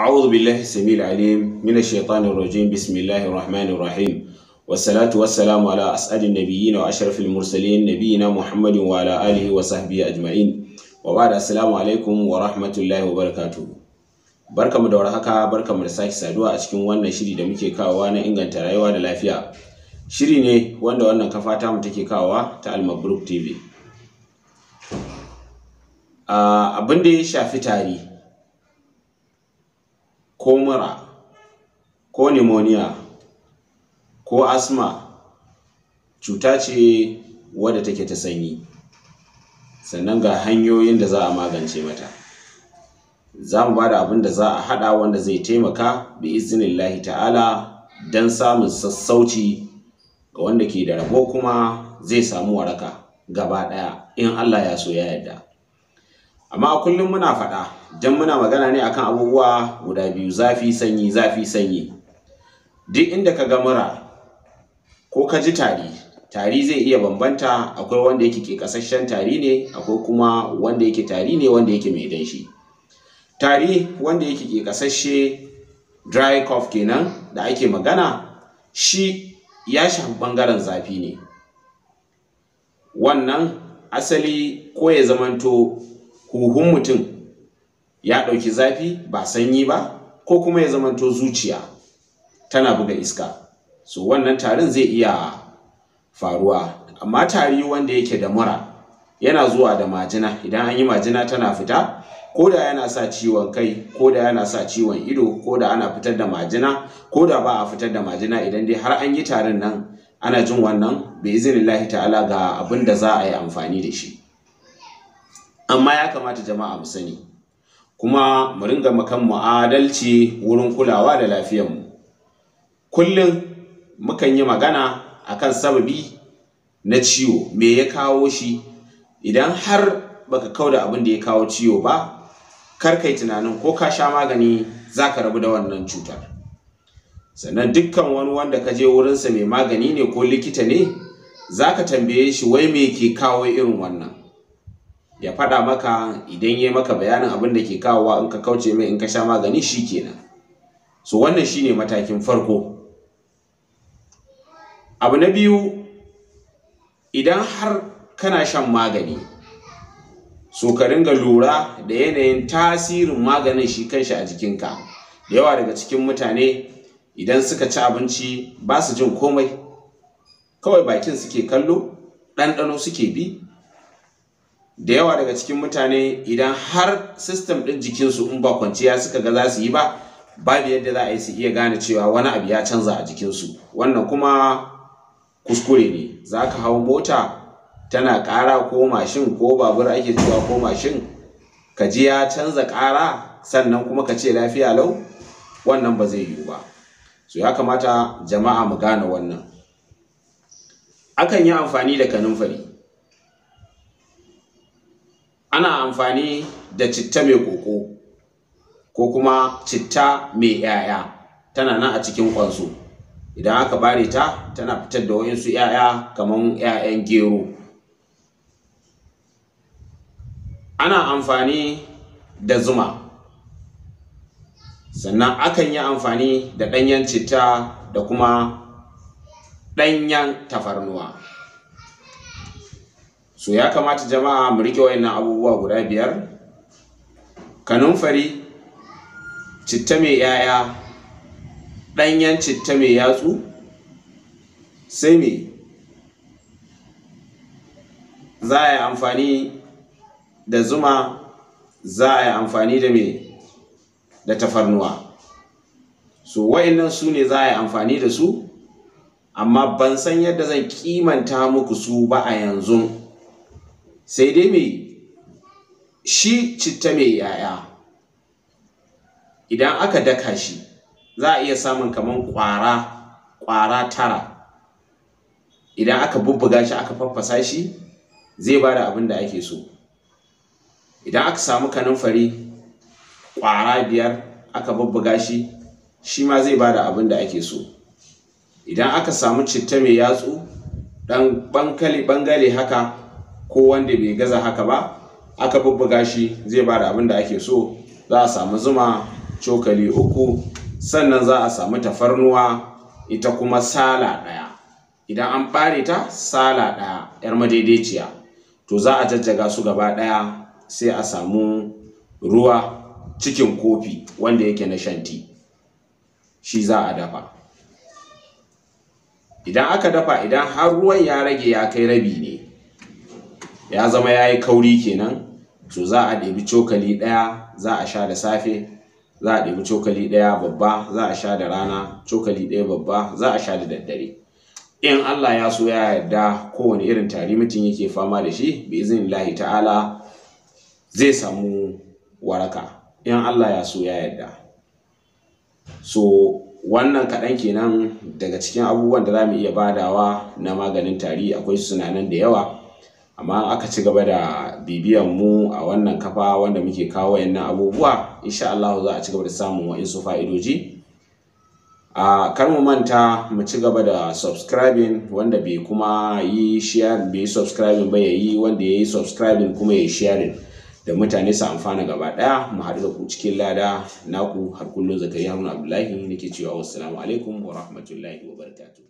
أعوذ بالله السميع العليم من الشيطان الرجيم بسم الله الرحمن الرحيم والصلاة والسلام على أسعد النبيين وأشرف المرسلين نبينا محمد وعلى آله وصحبه أجمعين وبعد السلام عليكم ورحمة الله وبركاته barka mu da war haka barka mu da sake saduwa a cikin wannan shiri da muke kawowa na inganta rayuwa da lafiya shiri ne wanda wannan kafata mu take kawowa ta alma group tv abin da ya shafi tari. ko mura ko pneumonia ko asma cuta ce wadda take ta sanyi sannan ga hanyoyin da za a magance mata za mu ba da abin da za a haɗa wanda zai taimaka bi lahi ta'ala don samun sassauci ga wanda ke da rabo kuma zai samu waraka gaba ɗaya in Allah ya so ya yarda amma a kullum muna faɗa jan muna magana ne akan abubuwa guda biyu zafi sanyi zafi sanyi duk inda ka ga mura ko ka ji tari tari zai iya bambanta akwai wanda yake ke kasashen tari ne akwai kuma wanda yake tari ne wanda yake mai danshi tari wanda yake ke kasashe dry cough kenan da ake magana shi ya shafi bangaren zafi ne wannan asali ko ya zamanto huhun mutum ya ɗauki zafi ba sanyi ba ko kuma ya zamanto zuciya tana buga iska so wannan tarin zai iya faruwa amma tari wanda yake da mura yana zuwa da majina idan an yi majina tana fita ko da yana sa ciwon kai ko da yana sa ciwon ido ko da ana fitar da majina ko da ba a fitar da majina idan dai har an yi tarin nan ana jin wannan bai lahi ta'ala ga abin da za a yi amfani da shi amma ya kamata jama'a mu sani kuma mu ringa makan mu adalci wurin kulawa da lafiyar mu. kullum mukan yi magana akan sababi na ciwo me ya kawo shi idan har baka kau da abin da ya kawo ciwo ba kar kai tunanin ko ka sha magani za ka rabu da wannan cutar sannan dukkan wani wanda ka je wurinsa mai magani ne ko likita ne za ka tambaye shi wai me ke kawo irin wannan ya faɗa maka idan ya maka bayanin abin da ke kawowa in ka kauce mai in ka sha magani shi kenan so wannan shi ne matakin farko abu na biyu idan har kana shan magani so ka ringa lura da yanayin tasirin maganin shi kanshi a jikinka da yawa daga cikin mutane idan suka ci abinci ba su jin komai kawai bakin suke kallo ɗanɗano suke bi da yawa daga cikin mutane idan har system ɗin jikinsu in ba kwanciya suka ga za su yi ba babu yadda za a yi su iya gane cewa wani abu ya canza a jikinsu wannan kuma kuskure ne za ka hau mota tana ƙara ko mashin ko babur ake cewa ko mashin ka ji ya canza ƙara sannan kuma ka ce lafiya lau wannan ba zai yiwu ba so ya kamata jama'a mu gane wannan akan yi amfani da kanunfari. ana amfani da citta mai koko ko kuma citta mai yaya tana nan a cikin kwanso idan aka bare ta tana fitar da wayansu yaya kamar yayan gero ana amfani da zuma sannan akan yi amfani da ɗanyen citta da kuma ɗanyen tafarnuwa so ya kamata jama'a mu rike wayannan abubuwa guda biyar kanunfari citta mai yaya ɗanyen citta mai yatsu sai me za a yi amfani da zuma za a yi amfani da me da tafarnuwa so wa'annan su ne za a yi amfani da su amma ban san yadda zan kimanta muku su ba a yanzu sai dai mai shi citta mai yaya idan aka daka shi za a iya samun kamar ƙwara kwara tara idan aka bubbuga shi aka faffasa shi zai ba da abin da ake so idan aka samu fari ƙwara biyar aka bubbuga shi shi ma zai ba da abin da ake so idan aka samu citta mai yatsu dan bangare haka ko wanda bai gaza haka ba aka bubbuga shi zai ba da abin da ake so za a samu zuma cokali uku sannan za a samu tafarnuwa ita kuma sala ɗaya idan an ɓare ta sala ɗaya 'yar madaidaiciya to za a jajjaga su gaba ɗaya sai a samu ruwa cikin kofi wanda yake na shanti shi za a dafa idan aka dafa idan har ruwan ya rage ya kai rabi ne ya zama ya yi kauri kenan to za a ɗebi cokali ɗaya za a sha da safe za a ɗebi cokali ɗaya babba za a sha da rana cokali ɗaya babba za a sha da daddare in Allah ya so ya yarda kowane irin tari mutum yake fama da shi bi lahi ta'ala zai samu waraka in Allah ya so ya yarda so wannan kaɗan kenan daga cikin abubuwan da za mu iya badawa na maganin tari akwai sunanan da yawa amma aka ci gaba da bibiyan mu a wannan kafa wanda muke kawo wayannan abubuwa insha Allah za a ci gaba da samun wa'insu fa'idoji a kar mu manta mu ci gaba da subscribing wanda bai kuma yi share bai subscribing ba ya yi wanda ya yi subscribing kuma ya yi sharing da mutane su amfana gaba ɗaya mu haɗu da ku cikin lada naku har kullum zakari haruna abdullahi nake cewa wassalamu alaikum wa rahmatullahi wa barakatuh